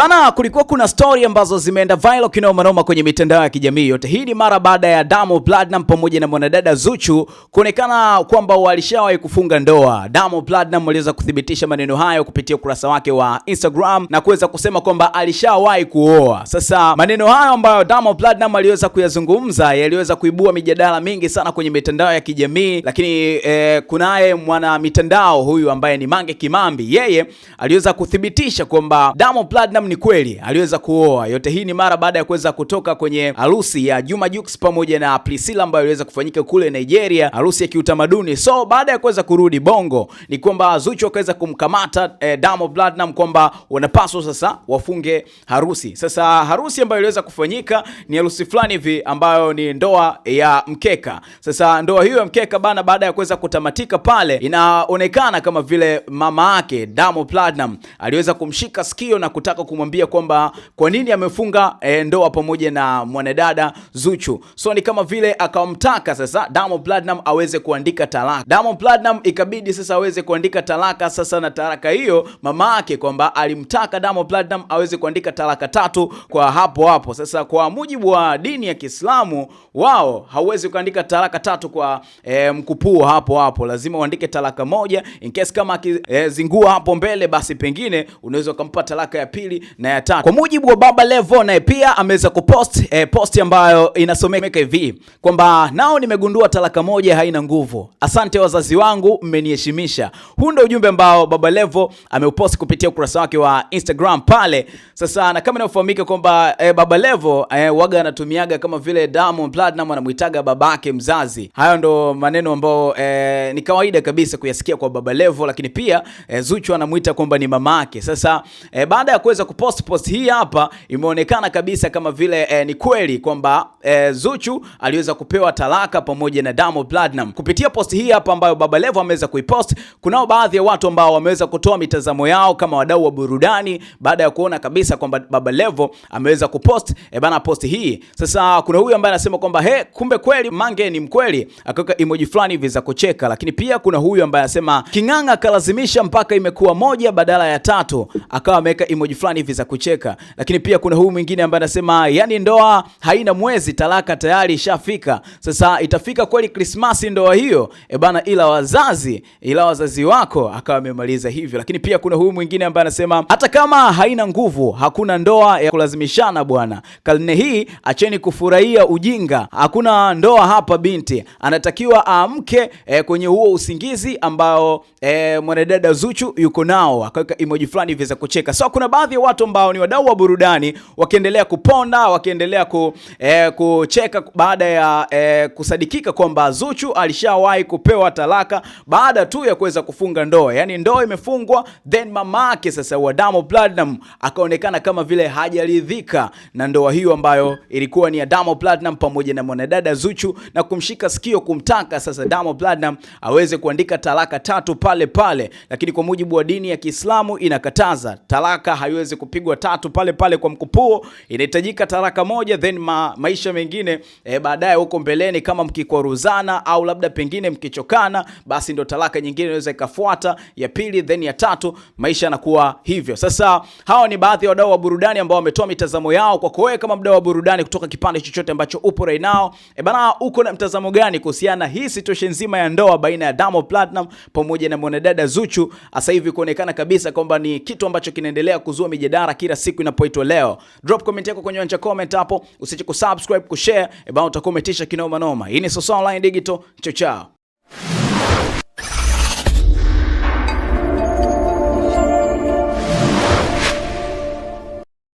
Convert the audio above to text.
Bana, kulikuwa kuna story ambazo zimeenda viral kinoma manoma kwenye mitandao ya kijamii yote. Hii ni mara baada ya Diamond Platnumz pamoja na mwanadada Zuchu kuonekana kwamba walishawahi kufunga ndoa. Diamond Platnumz aliweza kuthibitisha maneno hayo kupitia ukurasa wake wa Instagram na kuweza kusema kwamba alishawahi kuoa. Sasa maneno hayo ambayo Diamond Platnumz aliweza kuyazungumza yaliweza kuibua mijadala mingi sana kwenye mitandao ya kijamii, lakini eh, kunaye mwana mitandao huyu ambaye ni Mange Kimambi, yeye aliweza kuthibitisha kwamba Diamond Platnumz ni kweli aliweza kuoa. Yote hii ni mara baada ya kuweza kutoka kwenye harusi ya Juma Jux pamoja na Priscilla ambayo iliweza kufanyika kule Nigeria, harusi ya kiutamaduni. So baada ya kuweza kurudi Bongo ni kwamba Zuchu akaweza kumkamata eh, Diamond Platnumz kwamba wanapaswa sasa wafunge harusi. Sasa harusi ambayo iliweza kufanyika ni harusi fulani hivi ambayo ni ndoa ya mkeka. Sasa ndoa hiyo ya mkeka bana, baada ya kuweza kutamatika pale, inaonekana kama vile mama yake Diamond Platnumz aliweza kumshika sikio na kutaka kum kumwambia kwamba kwa nini amefunga e, ndoa pamoja na mwanadada Zuchu. So ni kama vile akamtaka sasa Diamond Platinum aweze kuandika talaka. Diamond Platinum ikabidi sasa aweze kuandika talaka sasa, na talaka hiyo mama yake kwamba alimtaka Diamond Platinum aweze kuandika talaka tatu kwa hapo hapo. Sasa kwa mujibu wa dini ya Kiislamu wao hauwezi kuandika talaka tatu kwa e, mkupuo hapo hapo, lazima uandike talaka moja in case kama akizingua eh, e, hapo mbele, basi pengine unaweza ukampa talaka ya pili na ya tatu. Kwa mujibu wa Baba Levo, naye pia ameweza kupost eh, post ambayo inasomeka hivi kwamba nao nimegundua talaka moja haina nguvu. Asante wazazi wangu, mmeniheshimisha. Huu ndio ujumbe ambao Baba Levo ameupost kupitia ukurasa wake wa Instagram pale. Sasa na kama inafahamika kwamba eh, Baba Levo eh, waga anatumiaga kama vile Diamond Platnumz anamuitaga babake mzazi. Hayo ndo maneno ambayo eh, ni kawaida kabisa kuyasikia kwa Baba Levo, lakini pia eh, Zuchu anamuita kwamba ni mamake. Sasa eh, baada ya kuweza post post hii hapa imeonekana kabisa kama vile eh, ni kweli kwamba eh, Zuchu aliweza kupewa talaka pamoja na Diamond Platnumz. Kupitia post hii hapa ambayo Baba Levo ameweza kuipost, kunao baadhi ya watu ambao wameweza kutoa mitazamo yao kama wadau wa burudani baada ya kuona kabisa kwamba Baba Levo ameweza kupost eh, bana post hii. Sasa kuna huyu ambaye anasema kwamba he, kumbe kweli Mange ni mkweli, akaweka emoji fulani hivi za kucheka, lakini pia kuna huyu ambaye anasema King'ang'a kalazimisha mpaka imekuwa moja badala ya tatu, akawa ameweka emoji fulani hivi za kucheka. Lakini pia kuna huyu mwingine ambaye anasema yani, ndoa haina mwezi, talaka tayari ishafika. Sasa itafika kweli Krismasi ndoa hiyo e bana, ila wazazi ila wazazi wako, akawa amemaliza hivyo. Lakini pia kuna huyu mwingine ambaye anasema hata kama haina nguvu, hakuna ndoa ya kulazimishana bwana. Karne hii acheni kufurahia ujinga, hakuna ndoa hapa. Binti anatakiwa aamke e, kwenye huo usingizi ambao e, mwanadada Zuchu yuko nao, akaweka emoji fulani hivi za kucheka. So kuna baadhi ya watu ambao ni wadau wa burudani wakiendelea kuponda, wakiendelea ku, eh, kucheka baada ya eh, kusadikika kwamba Zuchu alishawahi kupewa talaka baada tu ya kuweza kufunga ndoa, yani ndoa imefungwa, then mamake sasa wa Diamond Platinum akaonekana kama vile hajaridhika na ndoa hiyo ambayo ilikuwa ni ya Diamond Platinum pamoja na mwanadada Zuchu, na kumshika sikio kumtaka sasa Diamond Platinum aweze kuandika talaka tatu pale pale, lakini kwa mujibu wa dini ya Kiislamu inakataza talaka, haiwezi kupigwa tatu pale pale kwa mkupuo, inahitajika taraka moja, then ma, maisha mengine e, baadaye huko mbeleni kama mkikwaruzana au labda pengine mkichokana, basi ndo talaka nyingine inaweza ikafuata, ya pili then ya tatu, maisha yanakuwa hivyo. Sasa hawa ni baadhi ya wadau wa burudani ambao wametoa mitazamo yao. Kwako wewe kama mdau wa burudani kutoka kipande chochote ambacho upo right now, e bana, uko na mtazamo gani kuhusiana hii situation nzima ya ndoa baina ya Diamond Platnumz pamoja na mwanadada Zuchu, sasa hivi kuonekana kabisa kwamba ni kitu ambacho kinaendelea kuzua mijadala mijadala kila siku inapoitwa leo Drop comment yako kwenye anja comment hapo, usiche kusubscribe, kushare, eba utakuwa umetisha kinoma noma. Hii ni Sosa Online Digital, chao chao.